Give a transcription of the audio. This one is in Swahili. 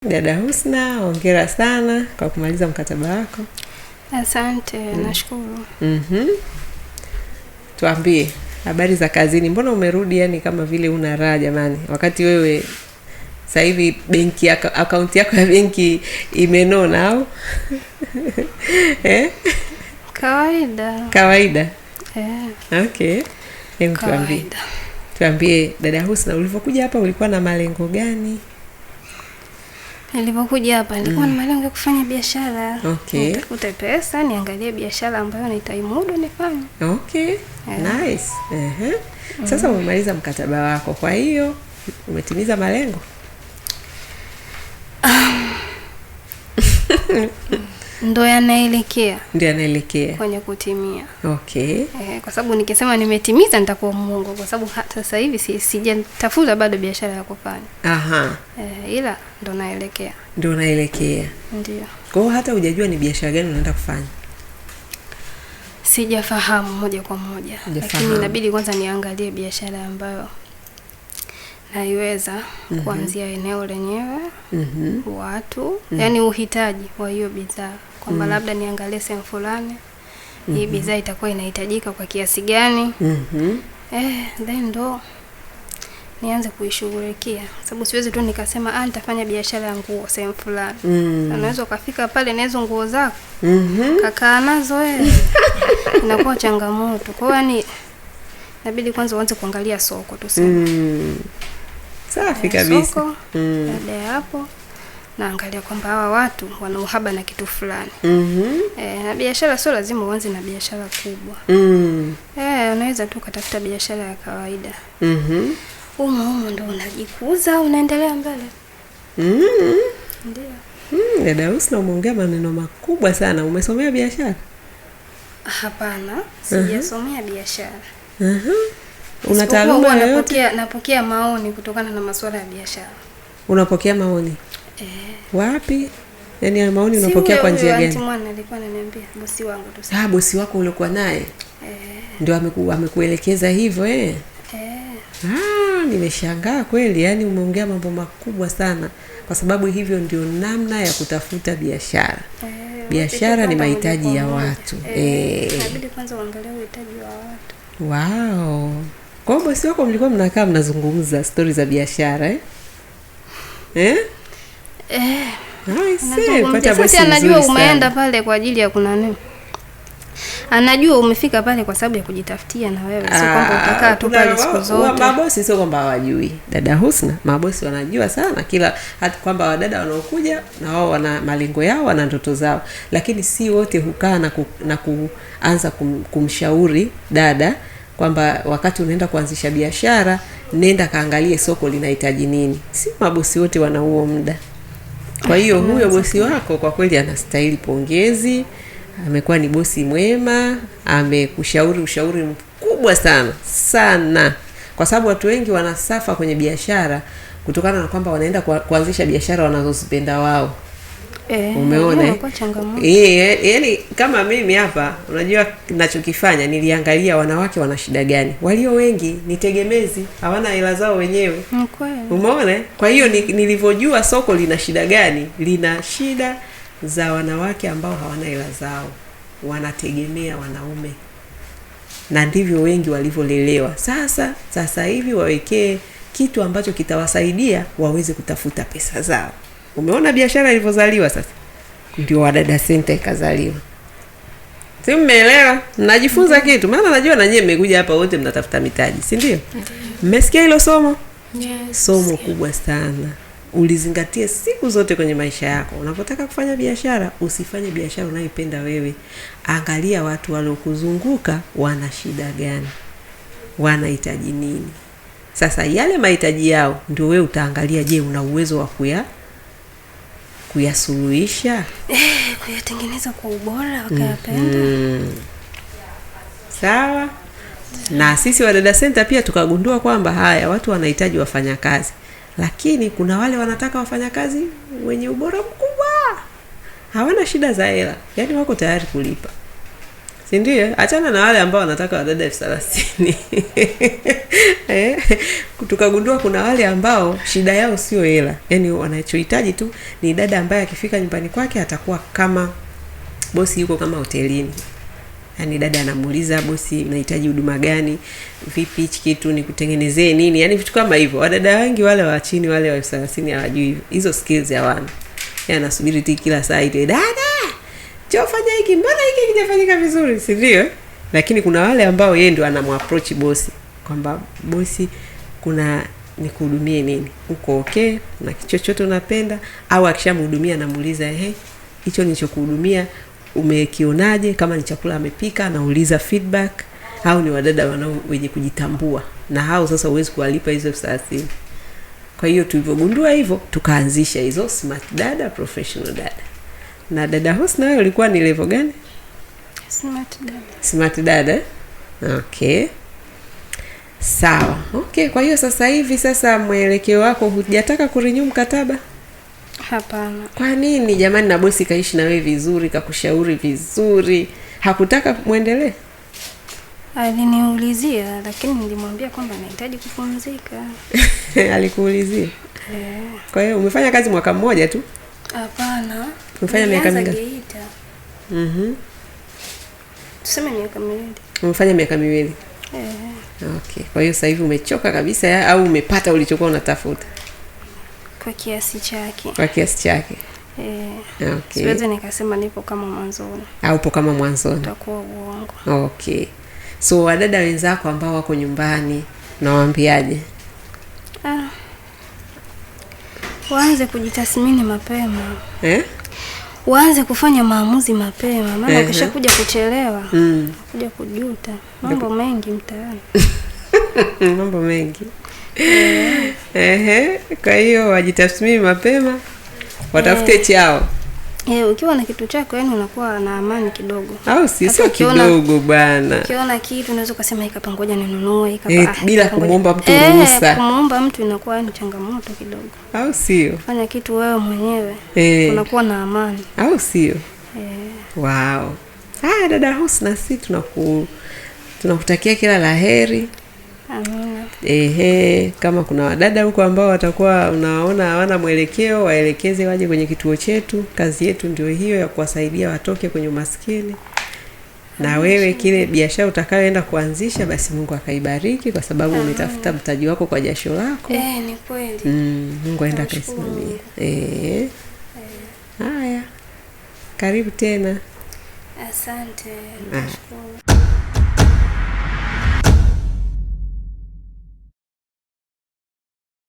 Dada Husna, hongera sana kwa kumaliza mkataba wako. Asante mm. Nashukuru mm -hmm. Tuambie habari za kazini, mbona umerudi yani kama vile una raha jamani, wakati wewe sasa hivi benki akaunti yako ya benki imenona au? eh? Kawaida, kawaida yeah. Okay, hebu tuambie, tuambie dada Husna, ulivyokuja hapa ulikuwa na malengo gani? Nilipokuja hapa nilikuwa mm. na malengo ya kufanya biashara. Okay. Nitafute pesa, niangalie biashara ambayo nitaimudu nifanye. Okay. Yeah. Nice. Uh -huh. mm. Sasa umemaliza mkataba wako, kwa hiyo umetimiza malengo? Um. ndo yanaelekea ndio yanaelekea kwenye kutimia. Okay. E, kwa sababu nikisema nimetimiza nitakuwa Mungu, kwa sababu hata sasa hivi si, sijatafuta bado biashara ya kufanya. Aha. E, ila ndo naelekea ndo naelekea ndio. Kwa hiyo hata hujajua ni biashara gani unaenda kufanya? Sijafahamu moja kwa moja, lakini inabidi kwanza niangalie biashara ambayo naiweza mm -hmm. kuanzia eneo lenyewe mm -hmm. watu mm -hmm. yani uhitaji wa hiyo bidhaa kwamba mm -hmm. labda niangalie sehemu fulani mm -hmm. hii mhm. bidhaa itakuwa inahitajika kwa kiasi gani mm -hmm. eh, then ndo nianze kuishughulikia, sababu siwezi tu nikasema ah, nitafanya biashara ya nguo sehemu fulani. mm. Unaweza ukafika pale na hizo nguo zako mm -hmm. kakaa nazo inakuwa changamoto. Kwa hiyo yani inabidi kwanza uanze kuangalia soko tuseme. mm safi eh, kabisa. Mm. Baada ya hapo naangalia kwamba hawa watu wana uhaba na kitu fulani. mm -hmm. E, na biashara sio lazima uanze na biashara kubwa. mm. E, unaweza tu ukatafuta biashara ya kawaida. mm -hmm. Umo ndo unajikuza unaendelea mbele. mm -hmm. Ndio. Mm, dada Husna umeongea maneno makubwa sana. Umesomea biashara? Hapana, sijasomea uh -huh. biashara uh -huh una taaluma yoyote? Napokea, napokea maoni kutokana na masuala ya biashara. Unapokea maoni eh? Wapi? Yaani ya maoni unapokea kwa njia gani? Alikuwa ananiambia bosi wangu tu. Ah, bosi wako uliokuwa naye eh? Ndio ameku, amekuelekeza hivyo eh? Eh. Ah, nimeshangaa kweli, yaani umeongea mambo makubwa sana kwa sababu hivyo ndio namna ya kutafuta biashara eh. Biashara ni mahitaji ya watu eh, eh. Inabidi kwanza uangalie uhitaji wa watu. Wow. Kwa hiyo bosi wako mlikuwa mnakaa mnazungumza stori za biashara eh? Eh? Eh. Ah, anajua umeenda pale kwa ajili ya kuna Anajua umefika pale kwa sababu ya kujitafutia na wewe, sio ah, kwamba utakaa tu pale siku zote. Mabosi sio kwamba hawajui, dada Husna, mabosi wanajua sana kila hata kwamba wadada wanaokuja na wao wana malengo yao, wana ndoto zao, lakini si wote hukaa na, ku, na kuanza kum, kumshauri dada kwamba wakati unaenda kuanzisha biashara, nenda kaangalie soko linahitaji nini. Si mabosi wote wana huo muda. Kwa hiyo huyo bosi wako kwa kweli anastahili pongezi, amekuwa ni bosi mwema, amekushauri ushauri mkubwa sana sana, kwa sababu watu wengi wanasafa kwenye biashara kutokana na kwamba wanaenda kuanzisha biashara wanazozipenda wao. E, umeona eh? Yaani kama mimi hapa, unajua ninachokifanya, niliangalia wanawake wana shida gani. Walio wengi ni tegemezi, hawana hela zao wenyewe, umeona. Eh? Kwa hiyo nilivyojua soko lina shida gani, lina shida za wanawake ambao hawana hela zao, wanategemea wanaume, na ndivyo wengi walivyolelewa. Sasa sasa hivi wawekee kitu ambacho kitawasaidia waweze kutafuta pesa zao. Umeona biashara ilivyozaliwa sasa, ndio Wadada Center ikazaliwa. Si mmeelewa? najifunza mm -hmm. kitu maana najua na nyie mmekuja hapa wote mnatafuta mitaji, si ndio? Mm-hmm. Mmesikia hilo somo? Yes, somo sikia. kubwa sana ulizingatie siku zote kwenye maisha yako. Unapotaka kufanya biashara, usifanye biashara unayoipenda wewe. Angalia watu waliokuzunguka wana shida gani, wanahitaji nini. Sasa yale mahitaji yao ndio wewe utaangalia, je, una uwezo wa kuya kuyasuluhisha eh, kuyatengeneza kwa ubora wakayapenda. Mhm. Sawa na sisi Wadada Center pia tukagundua kwamba haya watu wanahitaji wafanyakazi, lakini kuna wale wanataka wafanyakazi wenye ubora mkubwa, hawana shida za hela, yaani wako tayari kulipa si ndio? Achana na wale ambao wanataka wadada elfu thelathini eh? tukagundua kuna wale ambao shida yao sio hela, yaani wanachohitaji tu ni dada ambaye akifika nyumbani kwake atakuwa kama bosi yuko kama hotelini. Yaani dada anamuuliza bosi, unahitaji huduma gani? Vipi hichi kitu nikutengenezee nini? Yaani vitu kama hivyo. Wadada wengi wale wa chini wale wa elfu thelathini hawajui hizo skills, hawana ya, yaani anasubiri tu kila saa ile dada fanya hiki, mbona hiki kijafanyika vizuri, si ndio? Lakini kuna wale ambao yeye ndio anamapproach bosi kwamba bosi, kuna nikuhudumie nini, uko okay na kichochote unapenda? Au akishamhudumia anamuuliza ehe, hicho nilichokuhudumia umekionaje? Kama ni chakula amepika, anauliza feedback. au ni wadada wanao wenye kujitambua, na hao sasa huwezi kuwalipa hizo elfu thelathini. Kwa hiyo tulivyogundua hivyo, tukaanzisha hizo smart dada, professional dada. Na dada Husna, wewe ulikuwa ni level gani? Smart dada. Smart dada. Eh? Okay. Sawa. Okay, kwa hiyo sasa hivi sasa mwelekeo wako hujataka kurinyu mkataba? Hapana. Kwa nini jamani? Na bosi kaishi na wewe vizuri, kakushauri vizuri, hakutaka muendelee? Aliniulizia lakini nilimwambia kwamba nahitaji kupumzika. Alikuulizia? Yeah. Kwa hiyo umefanya kazi mwaka mmoja tu? Hapana. Umefanya miaka mingapi? Mhm. Tuseme miaka miwili. Umefanya miaka miwili. Yeah. Okay. Kwa hiyo sasa hivi umechoka kabisa ya, au umepata ulichokuwa unatafuta? Kwa kiasi chake. Kwa kiasi chake. Yeah. Okay. Siwezi nikasema nipo kama mwanzoni. Au upo kama mwanzoni. Utakuwa uongo. Okay. So wadada wenzako ambao wako nyumbani nawaambiaje? Ah. Waanze kujitathmini mapema. Eh? waanze kufanya maamuzi mapema, maana kisha kuja kuchelewa mm. kuja kujuta mambo mengi mtaani mambo mengi ehe. Kwa hiyo wajitathmini mapema, watafute chao. Eh, ukiwa na kitu chako yani unakuwa na amani kidogo, au si sio kidogo bwana. Ukiona kitu unaweza kusema ikapa ngoja ninunue ikapa Eh, bila kumuomba mtu ruhusa. Eh, kumuomba mtu inakuwa ni changamoto kidogo, au sio? Fanya kitu wewe mwenyewe Eh. unakuwa na amani, au sio? Eh. Wow. Ah, dada Husna, si tunaku tunakutakia kila la heri. Amen. Ehe, kama kuna wadada huko ambao watakuwa unaona hawana mwelekeo, waelekeze waje kwenye kituo chetu. Kazi yetu ndio hiyo ya kuwasaidia watoke kwenye umaskini. Na wewe kile biashara utakayoenda kuanzisha, basi Mungu akaibariki kwa sababu umetafuta mtaji wako kwa jasho lako. Eh, ni kweli. Mm, Mungu aenda akaisimamia. Eh. eh. Haya. Karibu tena. Asante. Ah.